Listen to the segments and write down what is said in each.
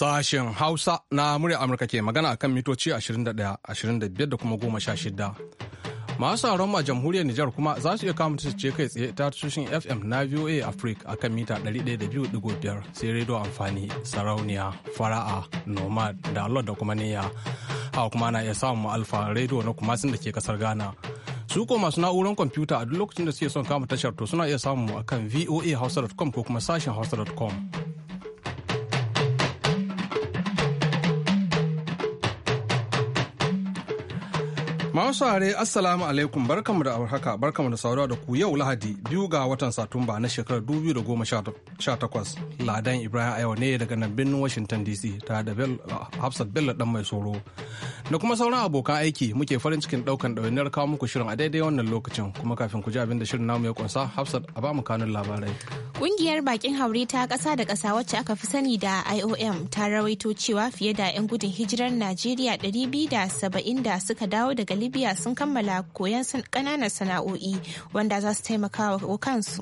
Sashen Hausa na murya Amurka ke magana akan mitoci 21, 25 da kuma 16. Masu sauran a jamhuriyar Nijar kuma za su iya kama ce kai tsaye ta tushen FM na VOA Africa akan mita 102.5 sai redo amfani sarauniya fara'a nomad da Allah da kuma niyya. Hawa kuma na iya samun alfa rediyo na kuma sun da ke kasar Ghana. su ko masu na'urar kwamfuta a duk lokacin da suke son kama tashar to suna iya samun samu a kan voahausa.com ko kuma sashen hausa.com. Masu are Assalamu alaikum barkamu da haka barkamu da saurawa da ku yau Lahadi biyu ga watan Satumba na shekarar 2018 Ladan Ibrahim yau ne daga nan birnin Washington DC tare da Hafsat Bello dan mai soro. Da kuma sauran abokan aiki muke farin cikin daukan ɗawainiyar kawo muku shirin a daidai wannan lokacin kuma kafin ku ji abin da shirin namu ya kunsa Hafsat a bamu mu kanun labarai. Kungiyar bakin haure ta kasa da kasa wacce aka fi sani da IOM ta rawaito cewa fiye da 'yan gudun hijirar Najeriya 270 da suka dawo daga Libya sun kammala koyon ƙananan sana'o'i wanda za su taimaka wa kansu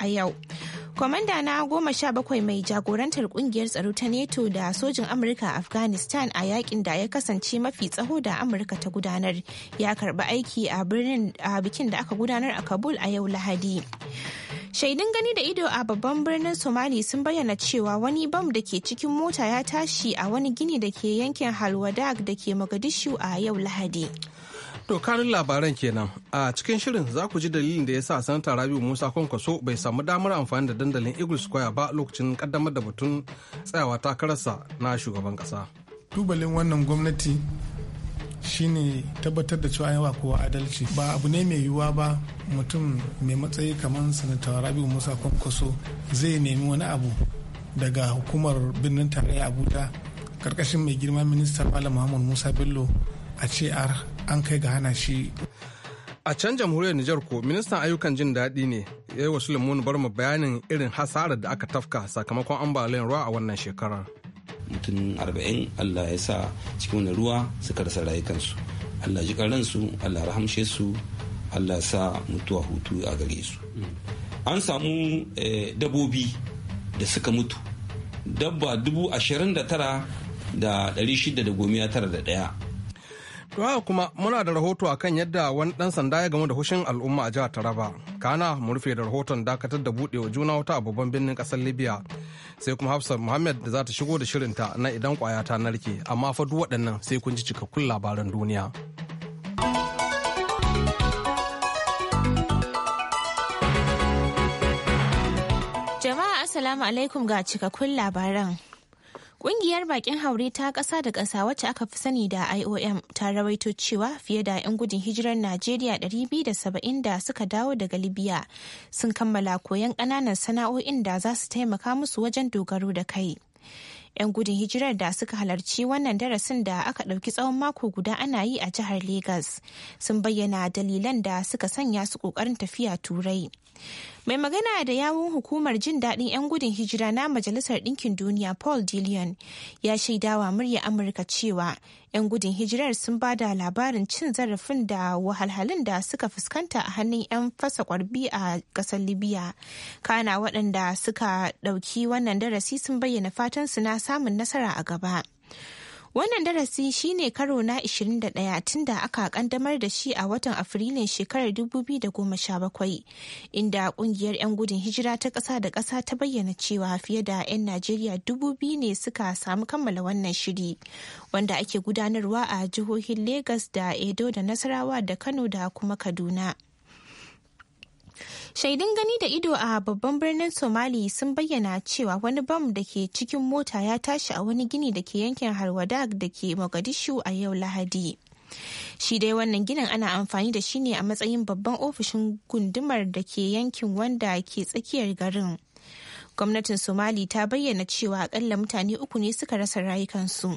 a yau. Kwamanda na goma sha bakwai mai jagorantar kungiyar tsaro ta NATO da sojin Amurka a Afghanistan a yakin da ya kasance mafi tsaho da Amurka ta gudanar ya karbi aiki a birnin a bikin da aka gudanar a Kabul a yau Lahadi. Shaidun gani da ido a babban birnin Somali sun bayyana cewa wani bam da ke cikin mota ya tashi a wani gini da ke yankin Halwadag da ke Mogadishu a yau Lahadi. To kanin labaran kenan a cikin shirin za ku ji dalilin da ya sa sanata Rabiu Musa Kwankwaso bai samu damar amfani da dandalin Eagle Square ba lokacin kaddamar da batun tsayawa takararsa na shugaban kasa. Tubalin wannan gwamnati shine tabbatar da cewa yawa kowa adalci ba abu ne mai yiwuwa ba mutum mai matsayi kamar sanata rabiu musa kwankwaso zai nemi wani abu daga hukumar birnin tarayya abuja karkashin mai girma minista malam muhammad musa bello a ce an kai ga hana shi a can jamhuriyar Nijar ko ministan ayyukan jin daɗi ne ya yi wa bar mu bayanin irin hasarar da aka tafka sakamakon ambaliyar ruwa a wannan shekarar. Mutum arba'in Allah ya sa cikin wani ruwa suka rasa rayukansu. Allah ji ransu, Allah rahamshe su, Allah sa mutuwa hutu a gare su. An samu eh, dabobi da suka mutu. Dabba dubu ashirin da tara da ɗari shida da goma tara da ɗaya To haka kuma muna da rahoto a kan yadda wani ɗan sanda ya gamu da hushin al'umma a jihar Taraba. Kana mu rufe da rahoton dakatar da buɗewa juna wata a babban birnin ƙasar Libya. Sai kuma Hafsat Muhammad da za ta shigo da shirinta na idan kwaya ta narke. Amma fa duk waɗannan sai kun ji cikakkun labaran duniya. Jama'a Assalamu alaikum ga cikakkun labaran. Ƙungiyar bakin haure ta ƙasa da ƙasa wacce aka fi sani da IOM ta rawaito cewa fiye da 'yan gudun hijirar Najeriya 270 da suka dawo daga Libya sun kammala koyon ƙananan sana'o'in da za su taimaka musu wajen dogaro da kai. 'Yan gudun hijirar da suka halarci wannan darasin da aka ɗauki tsawon mako guda ana yi a jihar Legas sun bayyana dalilan da suka sanya su ƙoƙarin tafiya Turai. mai magana da yawun hukumar jin daɗin 'yan gudun hijira na majalisar ɗinkin duniya paul dillion ya shaidawa murya amurka cewa 'yan gudun hijirar sun ba da labarin cin zarafin da wahalhalun da suka fuskanta a hannun 'yan fasa kwarbi a ƙasar libya kana waɗanda suka ɗauki wannan darasi sun bayyana fatan su na samun nasara a gaba Wannan darasi shi ne karo na 21 tun da aka kandamar da shi a watan Afrilun shekarar 2017, inda kungiyar 'yan gudun hijira ta ƙasa da ƙasa ta bayyana cewa fiye da 'yan Najeriya biyu ne suka samu kammala wannan shiri, wanda ake gudanarwa a jihohin Legas da Edo da Nasarawa da Kano da kuma Kaduna. Shaidun gani da ido a babban birnin Somali sun bayyana cewa wani bam da ke cikin mota ya tashi a wani gini da ke yankin Harwadag da ke Mogadishu a yau Lahadi. Shi dai wannan ginin ana amfani da shi ne a matsayin babban ofishin gundumar da ke yankin wanda ke tsakiyar garin. Gwamnatin Somali ta bayyana cewa akalla mutane uku ne suka rasa rayukansu.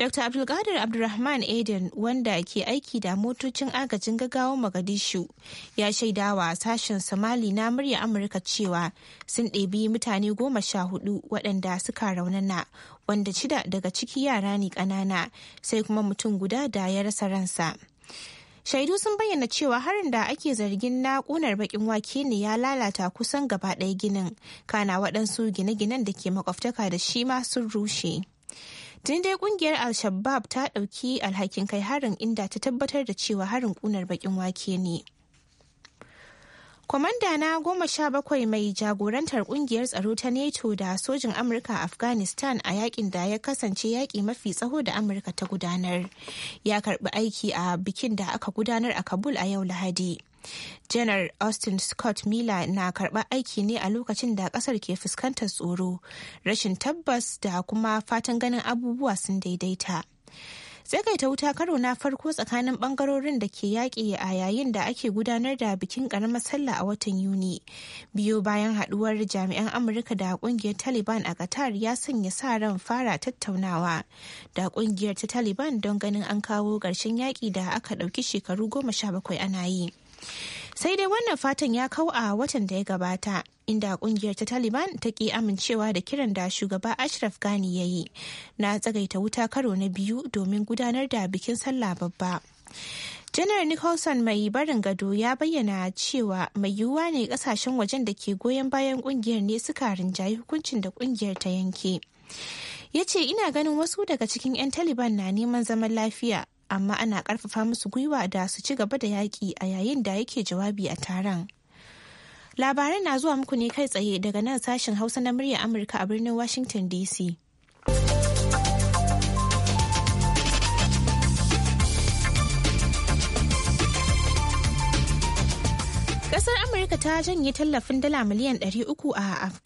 Dr. Abdulkadir Abdulrahman Aden wanda ke aiki da motocin agajin gaggawa Mogadishu ya shaida wa sashen Somali na murya Amurka cewa sun ɗebi mutane goma sha hudu waɗanda suka raunana wanda shida daga ciki yara ne ƙanana sai kuma mutum guda da ya rasa ransa. shaidu sun bayyana cewa harin da ake zargin na kunar bakin wake ne ya lalata kusan gaba ɗaya ginin kana waɗansu gine-ginen da ke makwabtaka da shi ma sun rushe tun dai kungiyar al-shabab ta ɗauki alhakin kai harin inda ta tabbatar da cewa harin kunar bakin wake ne kwamanda na goma sha bakwai mai jagorantar kungiyar tsaro ta neto da sojin amurka a afghanistan a yakin da ya kasance yaki mafi tsaho da amurka ta gudanar ya karbi aiki a bikin da aka gudanar a kabul a yau lahadi janar austin scott miller na karɓar aiki ne a lokacin da kasar ke fuskantar tsoro rashin tabbas da kuma fatan ganin abubuwa sun daidaita ta wuta karo na farko tsakanin bangarorin da ke yaƙi a yayin da ake gudanar da bikin ƙaramar sallah a watan yuni biyo bayan haɗuwar jami'an amurka da ƙungiyar taliban a qatar ya sanya sa ran fara tattaunawa da ƙungiyar ta taliban don ganin an kawo ƙarshen yaƙi da aka ɗauki shekaru goma sha bakwai ana yi sai dai wannan fatan ya kau a watan da ya gabata inda kungiyar ta taliban ta ki amincewa da kiran da shugaba ashraf gani ya yi na tsagaita wuta karo na biyu domin gudanar da bikin sallah babba janar nicholson mai barin gado ya bayyana cewa mai yiwuwa ne kasashen wajen da ke goyon bayan kungiyar ne suka rinjayi hukuncin da kungiyar ta yanke ya ce ina ganin wasu daga cikin 'yan taliban na neman zaman lafiya amma ana karfafa musu gwiwa da su ci gaba da yaƙi a yayin da yake jawabi a taron. Labaran na zuwa muku ne kai tsaye daga nan sashen Hausa na muryar Amurka a birnin Washington DC. Ƙasar Amurka ta janye tallafin dala miliyan 300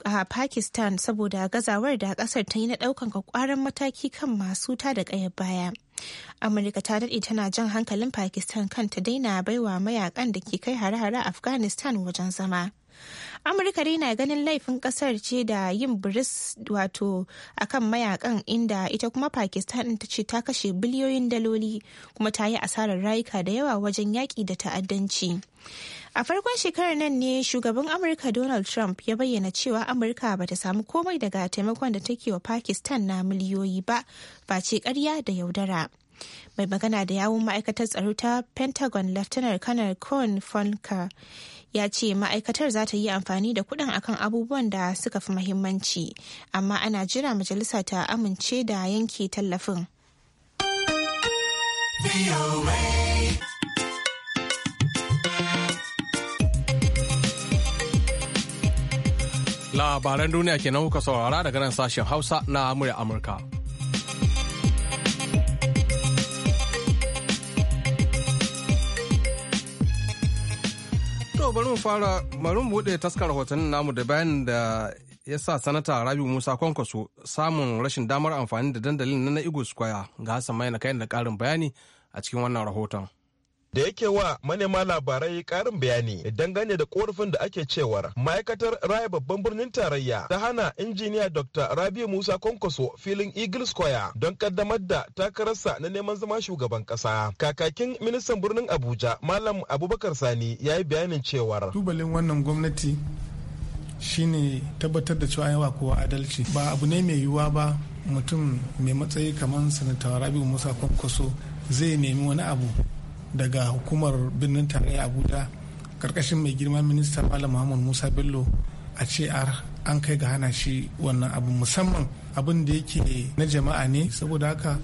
a Pakistan saboda gazawar da ƙasar ta yi na daukan kwakwaran mataki kan masu ta da kayar baya. amurka ta daɗe tana jan hankalin pakistan kan ta daina baiwa mayakan da ke kai hare-hare afghanistan wajen zama amurka dai na ganin laifin kasar ce da yin biris wato akan mayakan inda ita kuma pakistan ta ce ta kashe biliyoyin daloli kuma ta yi asarar rayuka da yawa wajen yaƙi da ta'addanci A farkon shekarar nan ne shugaban Amurka Donald Trump ya bayyana cewa Amurka ba ta samu komai daga taimakon da take wa Pakistan na miliyoyi ba, ba ce karya da yaudara. Mai magana da yawun ma'aikatar tsaro ta Pentagon Laftanar Kanar Cohen fanka. ya ce ma'aikatar za ta yi amfani da kuɗin akan abubuwan da suka fi mahimmanci amma ana jira majalisa ta amince da yanke tallafin. Labaran duniya kenan kuka saurara daga nan sashen Hausa na murya Amurka. bari mu fara bari mu buɗe taskar rahotannin namu da bayan da ya sa sanata Rabi Musa Kwankwaso samun rashin damar amfani da dandalin na na Igu Square ga Hassan Maina kayan da karin bayani a cikin wannan rahoton. da yake wa manema labarai karin bayani idan gane da korafin da ake cewar ma'aikatar raya babban birnin tarayya ta hana injiniya dr Rabi musa kwankwaso filin eagle square don kaddamar da takararsa na neman zama shugaban kasa kakakin ministan birnin abuja malam abubakar sani ya yi bayanin cewar tubalin wannan gwamnati shine tabbatar da cewa yawa kowa adalci ba abu ne mai yiwuwa ba mutum mai matsayi kamar sanata Rabi musa kwankwaso zai nemi wani abu daga hukumar birnin tarayya abuja karkashin mai girma minista malam muhammad musa bello a ce an kai ga hana shi wannan abu musamman abin da yake na jama'a ne saboda haka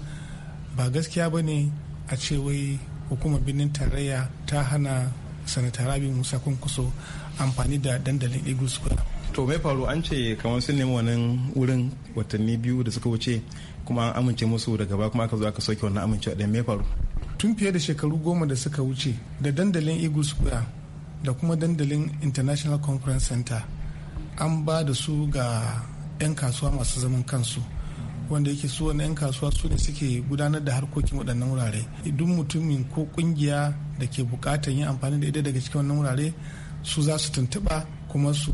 ba gaskiya ba ne a ce wai hukumar birnin tarayya ta hana sanata rabi musa kunkuso amfani da dandalin eagle square to mai faru an ce kamar sun nemi wannan wurin watanni biyu da suka wuce kuma an amince musu daga ba kuma aka zo aka soke wannan amincewa da mai faru tun fiye da shekaru goma da suka wuce da dandalin eagle square da kuma dandalin international conference center an ba da su ga 'yan kasuwa masu zaman kansu wanda yake su wani 'yan kasuwa su ne suke gudanar da harkokin waɗannan wurare idan mutumin ko ƙungiya da ke buƙatar yin amfani da ita daga cikin wannan wurare su za su tuntuɓa kuma su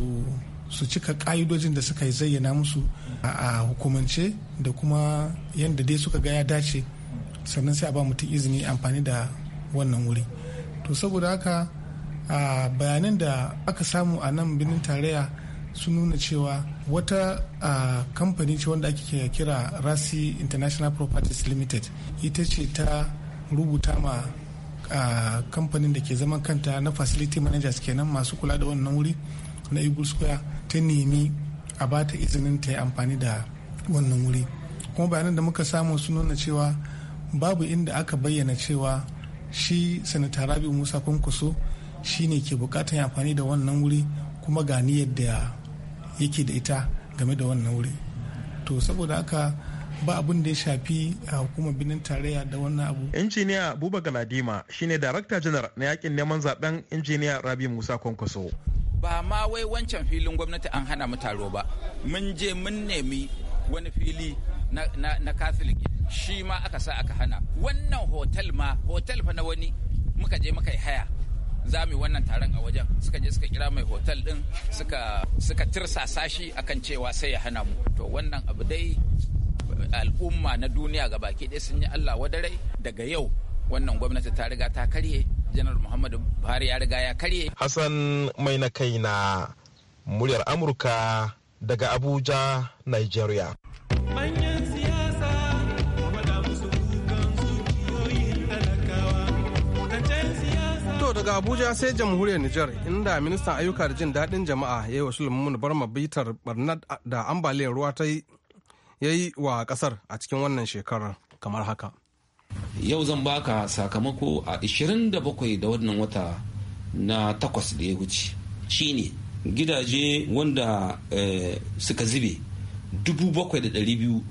su cika ƙa'idojin da suka zayyana musu a hukumance da kuma yadda dai suka ga ya dace sannan sai a ba mutum izini amfani da wannan wuri to saboda haka a bayanan da aka samu a nan birnin tarayya sun nuna cewa wata kamfani ce wanda ake kira rasi international properties limited ita ce ta rubuta ma kamfanin da ke zaman kanta na facility managers kenan masu kula da wannan wuri na eagle square ta nemi a ba ta izinin ta yi amfani da wannan wuri kuma bayanan da muka samu sun nuna cewa babu inda aka bayyana cewa shi sanata rabi musa kwankwaso shi ne ke bukatar amfani da wannan wuri kuma gani yadda da yake da ita game da wannan wuri to saboda haka ba abin da ya shafi a hukumar birnin tarayya da wannan abu. injiniya buba galadima shine darakta janar na yakin neman zaben injiniya rabi musa kwankwaso ba ma wai wancan filin gwamnati an hana mu taro ba mun je mun nemi wani fili na, na, na shi ma aka sa aka hana wannan hotel ma hotel fa na wani muka je muka yi haya za mu wannan taron a wajen suka je suka kira mai hotel din suka suka tirsasa shi akan cewa sai ya hana mu to wannan abu dai al'umma na duniya ga baki ɗaya sun yi Allah wadarai daga yau wannan gwamnati ta riga ta karye janar muhammadu buhari ya riga ya karye hassan mai na kai na muryar amurka daga abuja nigeria Manya. daga abuja sai jamhuriyar nijar inda ministan ayyuka da jin daɗin jama'a ya yi wa sulaiman barma bitar barnar da ambaliyar ruwa ta yi wa ƙasar a cikin wannan shekarar kamar haka yau zan baka sakamako a 27 da wannan wata na takwas da ya wuce shine gidaje wanda eh, suka zube biyu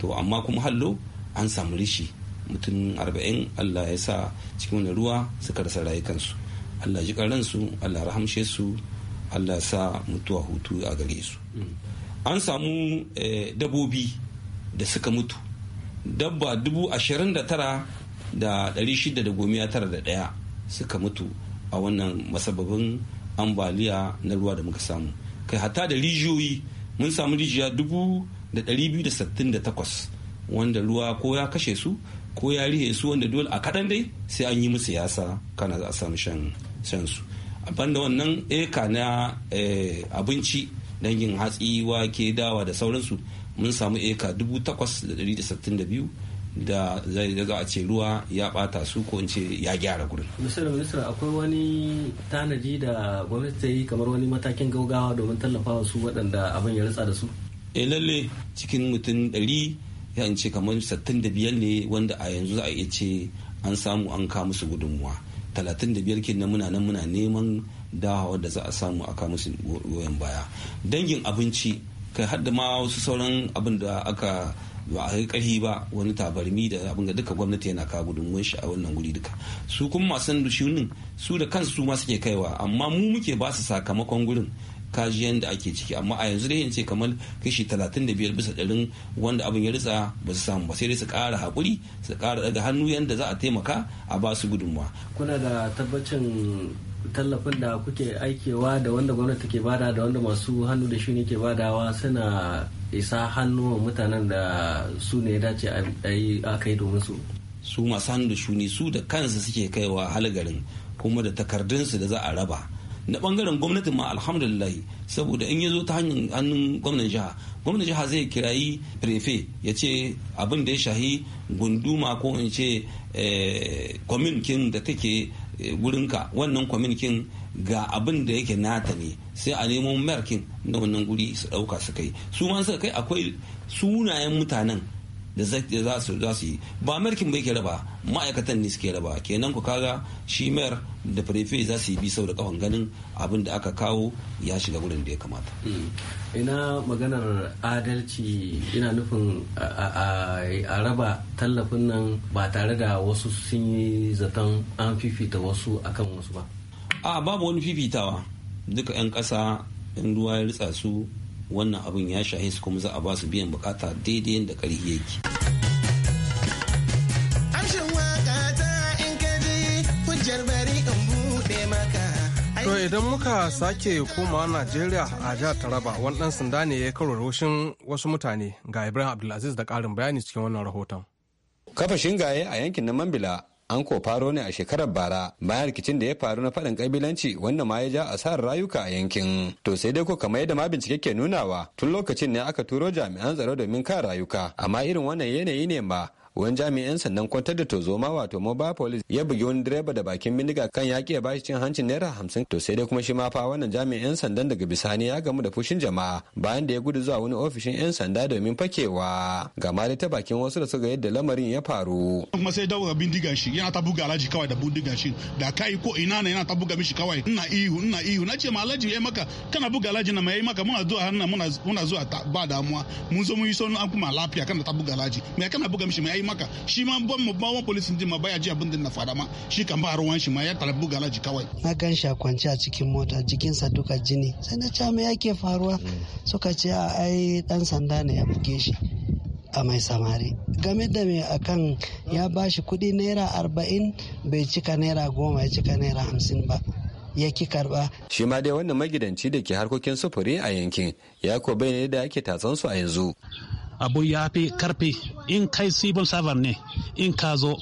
to amma kuma hallo an samu rishi mutum arba'in allah ya sa cikin wani ruwa suka rasa rayukansu allah ji ransu allah rahamshe su allah sa mutuwa hutu a gare su mm. an samu eh, dabobi da suka mutu dabba dubu ashirin da tara da ɗari shida da gomiya tara da ɗaya suka mutu a wannan masababin ambaliya na ruwa da muka samu kai hata da rijiyoyi mun samu rijiya dubu da ɗari biyu da sittin da takwas wanda ruwa ko ya kashe su ko ya rihe su wanda dole a kaɗan dai sai an yi musu yasa kana za a samu shan su banda wannan eka na eh, abinci dangin hatsi wake dawa da sauransu mun samu eka 8,862 da zai za a ce ruwa ya bata su ko in ce ya gyara gurin. Mr. Minister akwai wani tanadi da gwamnati ta yi kamar wani matakin gaugawa domin tallafawa su waɗanda abin ya ritsa da su? E lalle cikin mutum ɗari ya ce kamar 65 ne wanda a yanzu za a iya ce an samu an kawo musu gudunmuwa 35 kenan muna nan muna neman dawa da za a samu a kawo musu goyon baya dangin abinci kai hadda ma wasu sauran abin da aka ba a yi ƙarfi ba wani tabarmi da abin da duka gwamnati yana kawo gudunmuwan shi a wannan guri duka su kuma masu su da kansu su ma suke kaiwa amma mu muke ba su sakamakon gurin kajiyan da ake ciki amma a yanzu dai in ce kamar kashi 35 bisa ɗarin wanda abin ya ritsa ba su samu ba sai dai su kara haƙuri su kara daga hannu yanda za a taimaka a ba su gudunmawa. kuna da tabbacin tallafin da kuke aikewa da wanda gwamnati ke bada da wanda masu hannu da shuni ke badawa suna isa hannu mutanen da su ne dace a yi aka yi domin su su masu hannu da shuni su da kansu suke kaiwa halgarin kuma da takardunsu da za a raba na bangaren gwamnati ma alhamdulillah saboda in ya zo ta hanyar hannun gwamnan jiha gwamnan jiha zai kirayi prefe ya ce abin da ya shahi gunduma ko in ce eh, kwaminkin da take gurinka eh, wannan kwaminkin ga abin da yake nata ne sai a nemo merkin na wannan guri su dauka su kai su ma suka kai akwai sunayen mutanen da za su yi ba mulkin bai ke raba ma'aikatan ne suke raba kenan ku kaga shi mayar da prefe za su yi bi sau da kafan ganin abin da aka kawo ya shiga wurin da ya kamata hmm. ina maganar adalci ina nufin a raba tallafin nan ba tare da wasu sun yi zaton an fifita wasu akan wasu ba a babu wani fifitawa duka 'yan ƙasa 'yan ruwa ya ritsa su wannan abin ya shahe su kuma za a ba su biyan bukata daidai da ƙarfi yake. To idan muka sake koma Najeriya a jihar Taraba wani ɗan sanda ne ya karo roshin wasu mutane ga Ibrahim Abdulaziz da ƙarin bayani cikin wannan rahoton. Kafa shingaye a yankin na Mambila an ko faro ne a shekarar bara bayan rikicin da ya faru na faɗin kabilanci wanda ma ya ja asarar rayuka a yankin to sai dai ko kamar yadda ma bincike ke nunawa tun lokacin ne aka turo jami'an tsaro domin kan rayuka amma irin wannan yanayi ne ba wani jami'in sannan kwantar da tozoma wato mobile police ya bugi wani direba da bakin bindiga kan yaƙi ya bashi cin hancin naira hamsin to sai dai kuma shi ma fa wannan jami'in sandan daga bisani ya gamu da fushin jama'a bayan da ya gudu zuwa wani ofishin 'yan sanda domin fakewa ga mali ta bakin wasu da suka yadda lamarin ya faru. kuma sai daura bindiga shi yana ta buga alhaji kawai da bindiga shi da kai ko ina na yana ta buga mishi kawai ina ihu ina ihu na ce ma alhaji ya maka kana buga alhaji na mai maka muna zuwa hannun muna zuwa ba damuwa mun zo mun yi sonu an kuma lafiya kana ta buga alhaji mai kana buga mishi mai maka shi ma ban mu wani polisin din ma baya ji abin da na fada ma shi kan ba ruwan shi ma ya talabu galaji kawai na gan shi a kwance a cikin mota jikinsa duka jini sai na ce ah, me yake faruwa mm. suka ce a ah, ai dan sanda ne ya buge shi a mai samari game da mai akan ya bashi kudi naira arba'in bai cika naira goma ya cika naira hamsin ba ya ki karba. Shi ma dai wannan magidanci da ke harkokin sufuri a yankin ya ko bai da ake su a yanzu. abu ya fi karfi in kai civil servant ne in ka zo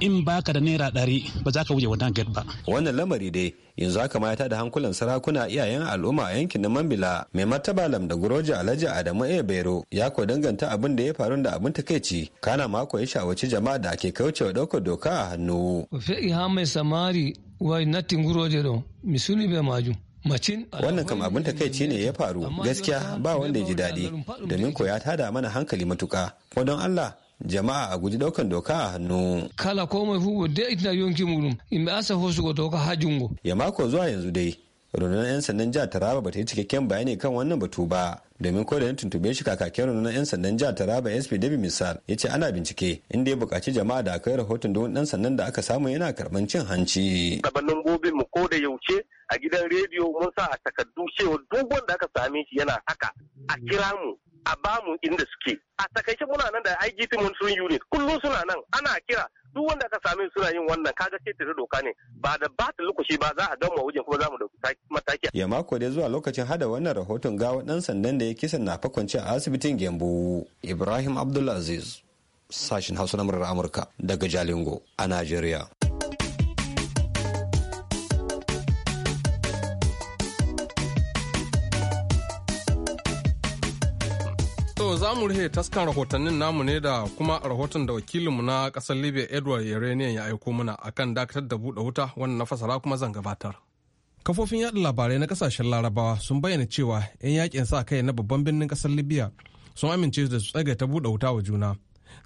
in baka da naira ɗari ba za ka wuce wannan gate ba. Wannan lamari dai yanzu haka ma da hankulan sarakuna iyayen al'umma a yankin na Mambila mai martaba Lamda Guroji Alhaji Adamu A Bero ya ko danganta abin da ya faru da abin takaici kana mako ya shawarci jama'a da ke kaucewa ɗaukar doka a hannu. Fe ha mai samari wai natin Guroji don misuni bai maju. wannan kam abin takaici ne ya faru gaskiya ba wanda ya ji daɗi domin ko ya tada mana hankali matuka ko don allah jama'a a guji daukan doka a hannu. Kala ko mai hugo da ita yonki murum in sa hosu ga doka hajungo. Ya mako zuwa yanzu dai rundunar 'yan sandan jihar taraba ba ta yi cikakken bayani kan wannan batu ba domin ko da tuntube shi kakakin rundunar 'yan sandan jihar taraba sp david misal ya ce ana bincike inda ya buƙaci jama'a da aka yi rahoton da ɗan sandan da aka samu yana karɓar cin hanci. gabanin gobe mu ko da yaushe a gidan rediyo mun sa a takardu cewa duk wanda aka same shi yana haka a kira mu a bamu inda suke a takaice muna nan da IGP monitoring unit kullum suna nan ana kira duk wanda aka same suna yin wannan kaga ce tare doka ne ba da ba ta lokaci ba za a gama wajen kuma za mu dauki mataki ya mako dai zuwa lokacin hada wannan rahoton gawa dan sandan da ya kisan na fakwance a asibitin Gembu Ibrahim Abdulaziz sashin Hausa na Amurka daga Jalingo a Najeriya za mu rufe taskan rahotannin namu ne da kuma rahoton da wakilinmu na kasar libya edward yarenian ya aiko mana akan dakatar da buɗe wuta wannan na fasara kuma zan gabatar kafofin yada labarai na kasashen larabawa sun bayyana cewa 'yan yakin sa kai na babban birnin kasar libya sun amince da su tsaga ta buɗe wuta wa juna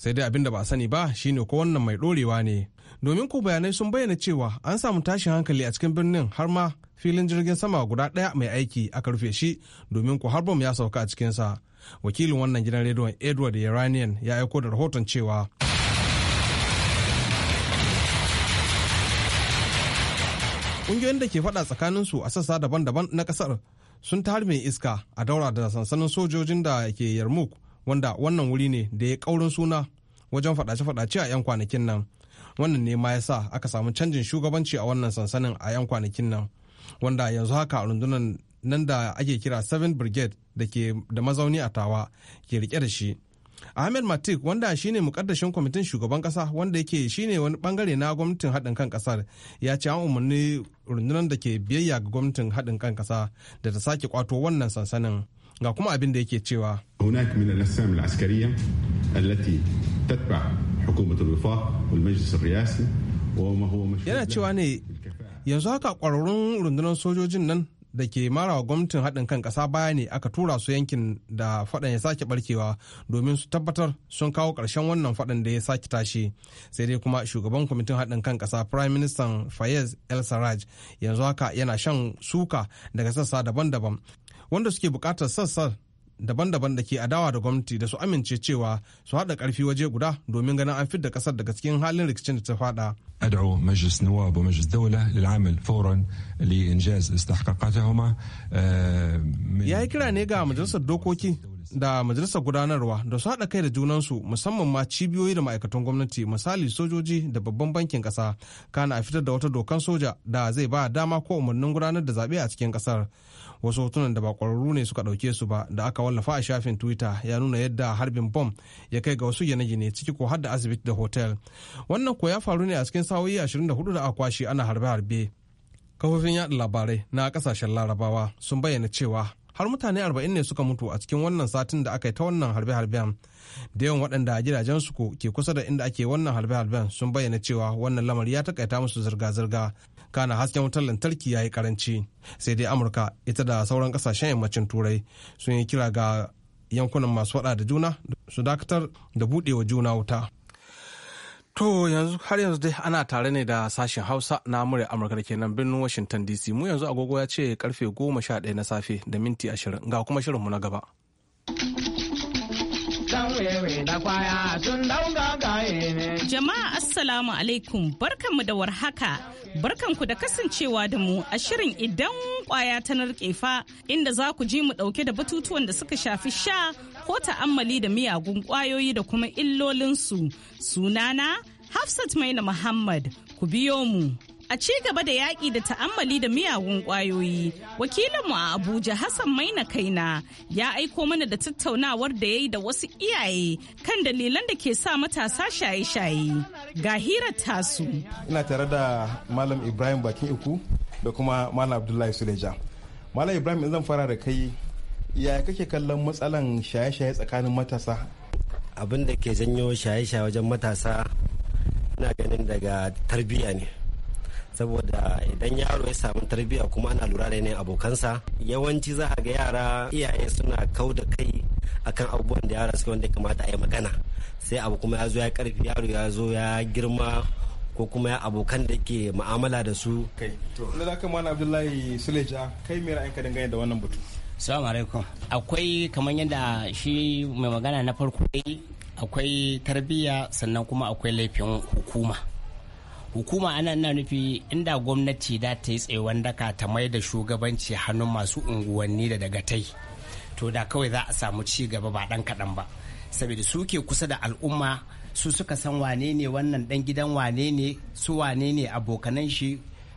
sai dai abin da ba a sani ba shine ko wannan mai ɗorewa ne domin ku bayanai sun bayyana cewa an samu tashin hankali a cikin birnin har ma filin jirgin sama guda ɗaya mai aiki aka rufe shi domin ku har ya sauka a cikinsa wakilin wannan gidan rediyon edward iranian ya aiko da rahoton cewa ƙungiyoyin da ke faɗa su a sassa daban-daban na kasar sun ta mai iska a daura da sansanin sojojin da ke yarmouk wanda wannan wuri ne da ya kaurin suna wajen fadace-fadace a 'yan kwanakin nan wannan ne ma ya sa aka samu canjin shugabanci a wannan sansanin a 'yan kwanakin nan wanda yanzu haka rundunar nan da ake kira 7 brigade da ke da mazauni a tawa ke rike da shi ahmed matik wanda shine mukaddashin kwamitin shugaban kasa wanda yake shine wani bangare na gwamnatin haɗin kan kasar ya ce an umarni rundunar da ke biyayya ga gwamnatin haɗin kan kasa da ta sake kwato wannan sansanin ga kuma abin da yake cewa yana cewa ne yanzu haka kwararrun rundunar sojojin nan da ke mara wa gwamnatin haɗin kan ƙasa baya ne aka tura su yankin da faɗan ya sake barkewa domin su tabbatar sun kawo ƙarshen wannan faɗan da ya sake tashi sai dai kuma shugaban kwamitin haɗin kan ƙasa prime minister fayez el sarraj yanzu haka yana shan suka daga sassa daban-daban wanda suke buƙatar sassan daban-daban da ke adawa da gwamnati da su amince cewa su haɗa karfi waje guda domin ganin an fidda ƙasar daga cikin halin rikicin da ta faɗa. أدعو مجلس النواب ومجلس الدولة للعمل فورا لإنجاز استحقاقاتهما يا kira ne ga majalisar dokoki da majalisar gudanarwa da su haɗa kai da junansu musamman ma cibiyoyi da ma'aikatan gwamnati misali sojoji da babban bankin kasa kana a fitar da wata dokan soja da zai ba dama ko umarnin gudanar da zaɓe a cikin ƙasar wasu hotunan da ba kwararru ne suka ɗauke su ba da aka wallafa a shafin twitter ya nuna yadda harbin bom ya kai ga wasu gine-gine ciki ko har da asibiti da hotel wannan ko ya faru ne a cikin sa'o'i 24 da akwashi ana harbe-harbe kafofin yaɗa labarai na kasashen larabawa sun bayyana cewa har mutane 40 ne suka mutu a cikin wannan satin da aka yi ta wannan harbe-harben da yawan waɗanda gidajen su ke kusa da inda ake wannan harbe-harben sun bayyana cewa wannan lamari ya takaita musu zirga-zirga kana hasken wutar lantarki ya yi karanci sai dai amurka ita da sauran kasashen yammacin turai sun yi kira ga yankunan masu faɗa da juna su dakatar da buɗewa juna wuta To yanzu har yanzu dai ana tare ne da sashen Hausa na murya Amurka da kenan birnin Washington DC. Mu yanzu agogo ya ce karfe goma sha ɗaya na safe da minti ashirin ga kuma shirinmu na gaba. da kwaya sun dauga gaye ne Jama'a Assalamu alaikum barkanmu da warhaka barkanku da kasancewa da mu a shirin idan kwaya ta narkefa inda za ku ji mu dauke da batutuwan da suka shafi sha ko ta'ammali da miyagun kwayoyi da kuma illolinsu sunana Hafsat Maina Muhammad ku biyo mu. a ci gaba da yaƙi da ta'ammali da miyagun ƙwayoyi wakilinmu a abuja hassan maina kaina ya aiko mana da tattaunawar da ya yi da wasu iyaye kan dalilan da ke sa matasa shaye-shaye ga hirar tasu ina tare da malam ibrahim bakin iku da kuma malam abdullahi suleja malam ibrahim in zan fara da kai yaya kake kallon matsalan shaye-shaye tsakanin matasa abin da ke janyo shaye-shaye wajen matasa ina ganin daga tarbiyya ne saboda idan yaro ya samu tarbiyya kuma ana lura da ne abokansa yawanci za a ga yara iyaye suna kau da kai akan abubuwan da yara suke wanda ya kamata a yi magana sai abu kuma ya zo ya karfi yaro ya zo ya girma ko kuma ya abokan da ke mu'amala da su kai to na da kama abdullahi suleja kai me ka dangane da wannan batu salamu alaikum akwai kamar yadda shi mai magana na farko akwai tarbiyya sannan kuma akwai laifin hukuma hukuma ana na nufi inda gwamnati da ta yi tsayewan daka ta mai da shugabanci hannun masu unguwanni da daga dagatai to da kawai za a samu ci gaba ba dan kaɗan ba saboda su ke kusa da al'umma su suka san wane ne wannan dan gidan wane ne su wane ne abokanan shi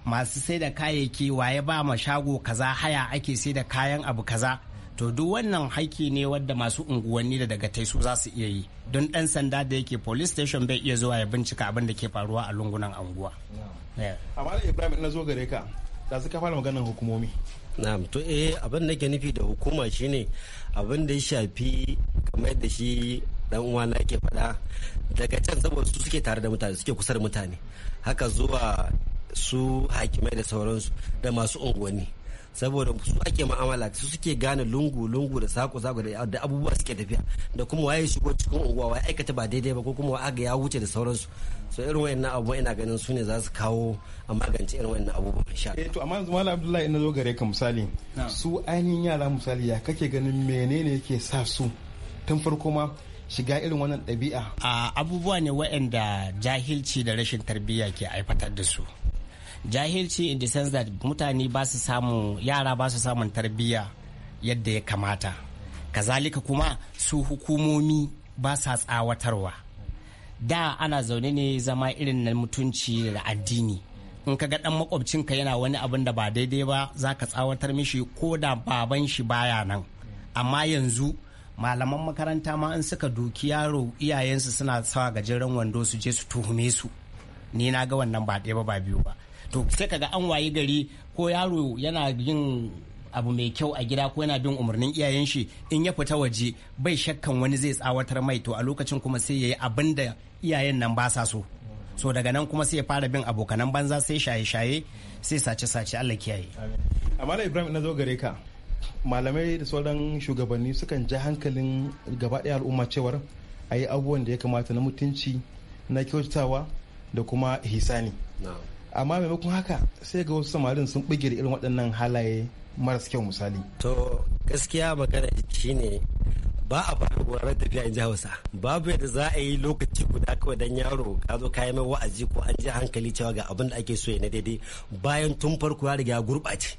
masu sai da kayayyaki waye ba ma shago kaza haya ake sai da kayan abu kaza to duk wannan haƙƙi ne wadda masu unguwanni da daga taisu za su iya yi don ɗan sanda da yake police station bai iya zuwa ya bincika abin da ke faruwa a lungunan anguwa amma da ibrahim na zo gare ka da su fara maganar hukumomi na'am to eh abin da ke nufi da hukuma shine abin da ya shafi kamar yadda shi dan uwana ke faɗa daga can saboda su suke tare da mutane suke kusa da mutane haka zuwa su hakimai da sauransu da masu unguwanni saboda su ake ma'amala su suke gane lungu lungu da sako sako da abubuwa suke tafiya da kuma waye shigo cikin unguwa waye aikata ba daidai ba ko kuma aga ya wuce da sauransu so irin wayannan abubuwa ina ganin su ne za su kawo a magance irin wayannan abubuwa. insha Allah eh to amma yanzu malam Abdullahi ina zo gare ka misali su ainihin yara misali ya kake ganin menene yake sa su tun farko ma shiga irin wannan ɗabi'a abubuwa ne waɗanda jahilci da rashin tarbiyya ke aifatar da su jahilci in the sense that mutane ba su samu yara ba su samun tarbiyya yadda ya kamata kazalika kuma su hukumomi ba sa tsawatarwa da ana zaune ne zama irin na mutunci da addini in ka ga dan makwabcinka yana wani abin da ba daidai ba za ka tsawatar mishi ko da baban shi baya nan amma yanzu malaman makaranta ma in suka duki yaro iyayensu suna sa gajeren wando su je su tuhume su ni na ga wannan ba ɗaya ba ba biyu ba to sai kaga an wayi gari ko yaro yana yin abu mai kyau a gida ko yana bin umarnin iyayen shi in ya fita waje bai shakkan wani zai tsawatar mai to a lokacin kuma sai ya yi abin iyayen nan ba sa so so daga nan kuma sai ya fara bin abokanan banza sai shaye-shaye sai sace-sace allah kiyaye amala ibrahim na zo gare ka malamai da sauran shugabanni sukan ja hankalin gaba ɗaya al'umma cewar a yi abubuwan da ya kamata na mutunci na kyautatawa da kuma hisani amma maimakon haka sai ga wasu samarin sun bigire irin waɗannan halaye maras kyau misali to gaskiya magana shine ba a ba da tafiya in ji hausa babu yadda za a yi lokaci guda kawai dan yaro ka zo kayan mai wa'azi ko an ji hankali cewa ga abin da ake so ya na daidai bayan tun farko ya riga ya gurɓace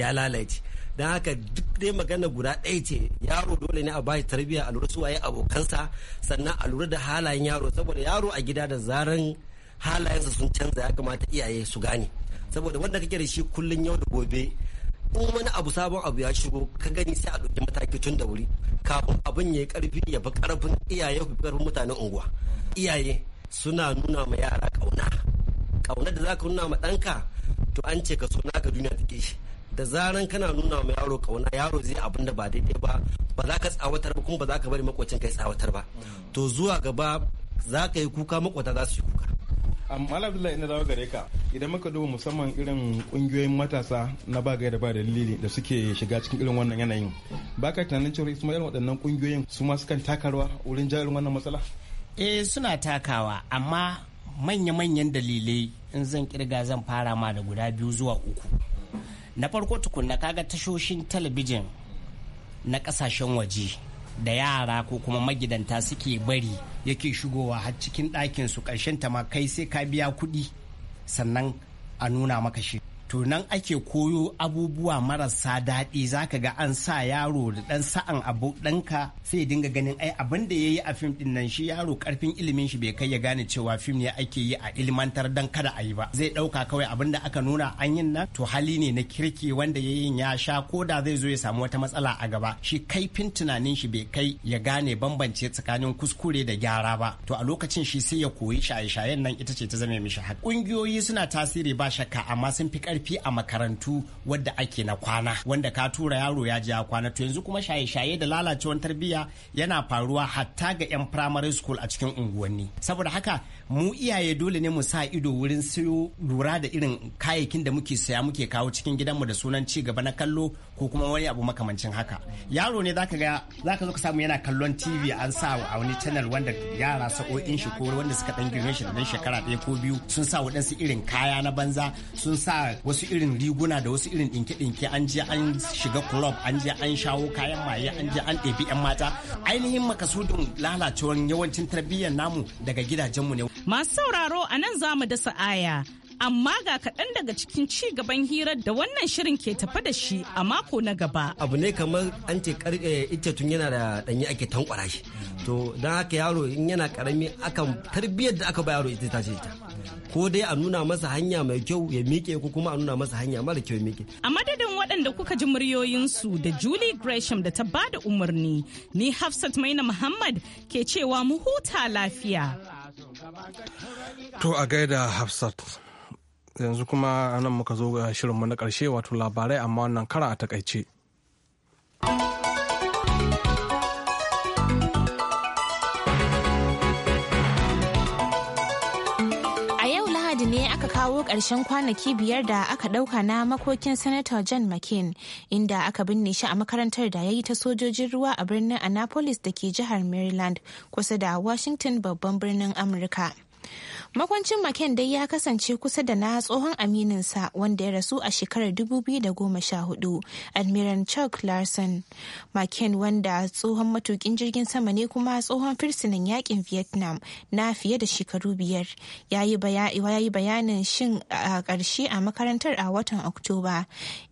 ya lalace don haka duk dai magana guda ɗaya ce yaro dole ne a bashi tarbiyya a lura su waye abokansa sannan a lura da halayen yaro saboda yaro a gida da zaran halayensa sun canza ya kamata iyaye su gane saboda wanda kake da shi kullun yau da gobe in wani abu sabon abu ya shigo ka gani sai a ɗauki mataki tun da wuri kafin abin ya yi karfi ya fi karfin iyaye ku ƙarfin mutanen unguwa iyaye suna nuna ma yara ƙauna kauna da za ka nuna ma ɗanka to an ce ka so naka duniya take shi da zaran kana nuna ma yaro ƙauna yaro zai abin da ba daidai ba ba za ka tsawatar ba kuma ba za ka bari makwacin kai tsawatar ba to zuwa gaba za ka yi kuka makwata za su yi kuka amma abdullahi ina gare ka idan muka duba musamman irin kungiyoyin matasa na ba da ba dalili da suke shiga cikin irin wannan yanayin ba ka tunanin cewa su irin waɗannan kungiyoyin su ma sukan takarwa wurin jarin wannan matsala eh suna takawa amma manya-manyan dalilai in zan kirga zan fara ma da guda biyu zuwa uku na farko tukunna kaga tashoshin talabijin na kasashen waje da yara ko kuma magidanta suke bari yake shigowa har cikin ɗakin su ƙarshen ta ma kai sai ka biya kuɗi sannan a nuna maka shi to nan ake koyo abubuwa marasa daɗi zaka ga an sa yaro da ɗan sa'an abu ɗanka sai dinga ganin ai abin da ya yi a fim ɗin nan shi yaro karfin ilimin shi bai kai ya gane cewa fim ne ake yi a ilimantar dan kada a yi ba zai ɗauka kawai abin da aka nuna an yin nan to hali ne na kirki wanda ya yin ya sha ko da zai zo ya samu wata matsala a gaba shi kaifin tunanin shi bai kai ya gane bambance tsakanin kuskure da gyara ba to a lokacin shi sai ya koyi shaye-shayen nan ita ce ta zame mishi haka ƙungiyoyi suna tasiri ba shakka amma sun fi karfi a makarantu wadda ake na kwana wanda ka tura yaro ya ji kwana to yanzu kuma shaye-shaye da lalacewar tarbiyya yana faruwa hatta ga 'yan primary school a cikin unguwanni saboda haka mu iyaye dole ne mu sa ido wurin siyo lura da irin kayayyakin da muke saya muke kawo cikin gidanmu da sunan ci gaba na kallo ko kuma wani abu makamancin haka yaro ne zaka ga zaka zo ka samu yana kallon TV an sa a wani channel wanda yara sa'o'in shi ko wanda suka dan girme shi da shekara ɗaya ko biyu sun sa waɗansu irin kaya na banza sun sa wasu irin riguna da wasu irin ɗinke-ɗinke an je an shiga club an je an shawo kayan maye an je an ɗebi 'yan mata ainihin makasudin lalacewar yawancin tarbiyyar namu daga gidajenmu ne. Masu sauraro a nan za mu dasa aya. amma ga kaɗan daga cikin ci gaban hirar da wannan shirin ke tafa da shi a mako na gaba. Abu ne kamar an ce eh, ita tun yana da ɗanyi ake tankwara shi. To don haka yaro in yana ƙarami akan tarbiyyar da aka ba yaro ita ta ce ta. ko dai a nuna masa hanya mai kyau ya miƙe ko kuma a nuna masa hanya mara kyau ya miƙe. A madadin waɗanda kuka ji muryoyinsu da Julie Gresham da ta ba da umarni, ni Hafsat Maina Muhammad ke cewa mu huta lafiya. To a gaida Hafsat. Yanzu kuma nan muka zo ga mu na ƙarshe wato labarai amma wannan kara a takaice. karshen kwanaki biyar da aka ɗauka na makokin Senator John McCain, inda aka binne shi a makarantar da ya yi ta sojojin ruwa a birnin Annapolis da ke jihar Maryland, kusa da Washington babban birnin Amurka. Makwancin maken dai ya kasance kusa da na tsohon aminin sa wanda ya rasu a shekarar 2014, Admiral Chuck Larson. maken wanda tsohon matukin jirgin sama ne kuma tsohon firsinan yakin Vietnam na fiye da shekaru biyar. Ya yi bayanin shin a ƙarshe a makarantar a watan Oktoba,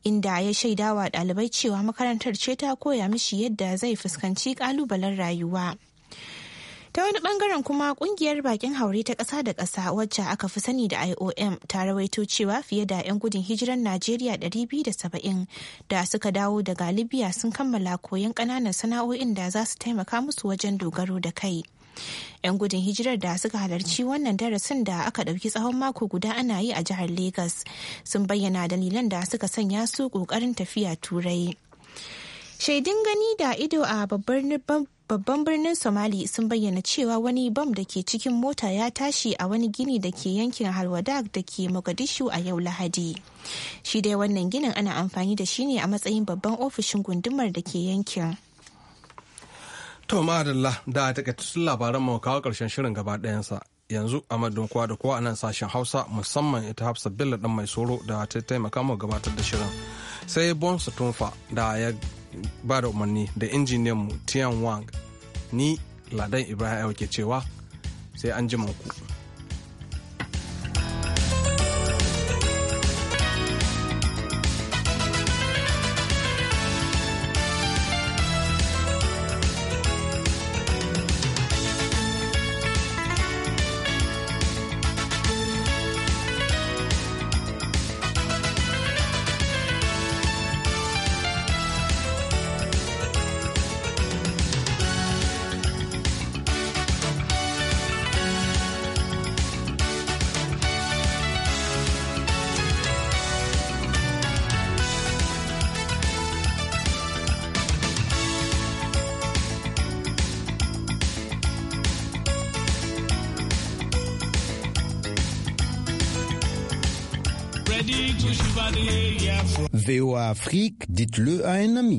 inda ya shaidawa ɗalibai cewa makarantar ce ta koya mishi yadda zai fuskanci ƙalubalen rayuwa. ta wani bangaren kuma kungiyar bakin haure ta ƙasa da ƙasa wacce aka fi sani da iom ta rawaito cewa fiye da 'yan gudun hijiran najeriya 270 da suka dawo daga libya sun kammala koyon ƙananan sana'o'in da za su taimaka musu wajen dogaro da kai 'yan gudun hijirar da suka halarci wannan darasin da aka ɗauki tsawon mako guda ana yi a jihar Legas sun bayyana dalilan da suka sanya su ƙoƙarin tafiya turai. Shaidun gani da ido a babbar babban birnin somali sun bayyana cewa wani bam da ke cikin mota ya tashi a wani gini da ke yankin halwadag da ke mogadishu a yau lahadi shi dai wannan ginin ana amfani da shi ne a matsayin babban ofishin gundumar da ke yankin to ma'adalla da a takaitattun labaran mu kawo karshen shirin gaba ɗayansa yanzu a madon kowa da kowa a nan sashen hausa musamman ita hafsa bello dan mai soro da ta taimaka mu gabatar da shirin sai bonsu tumfa da ya ba da umarni da mu tian wang ni ladan ibrahim ke cewa sai an ji ku. Afrique, dites-le à un ami.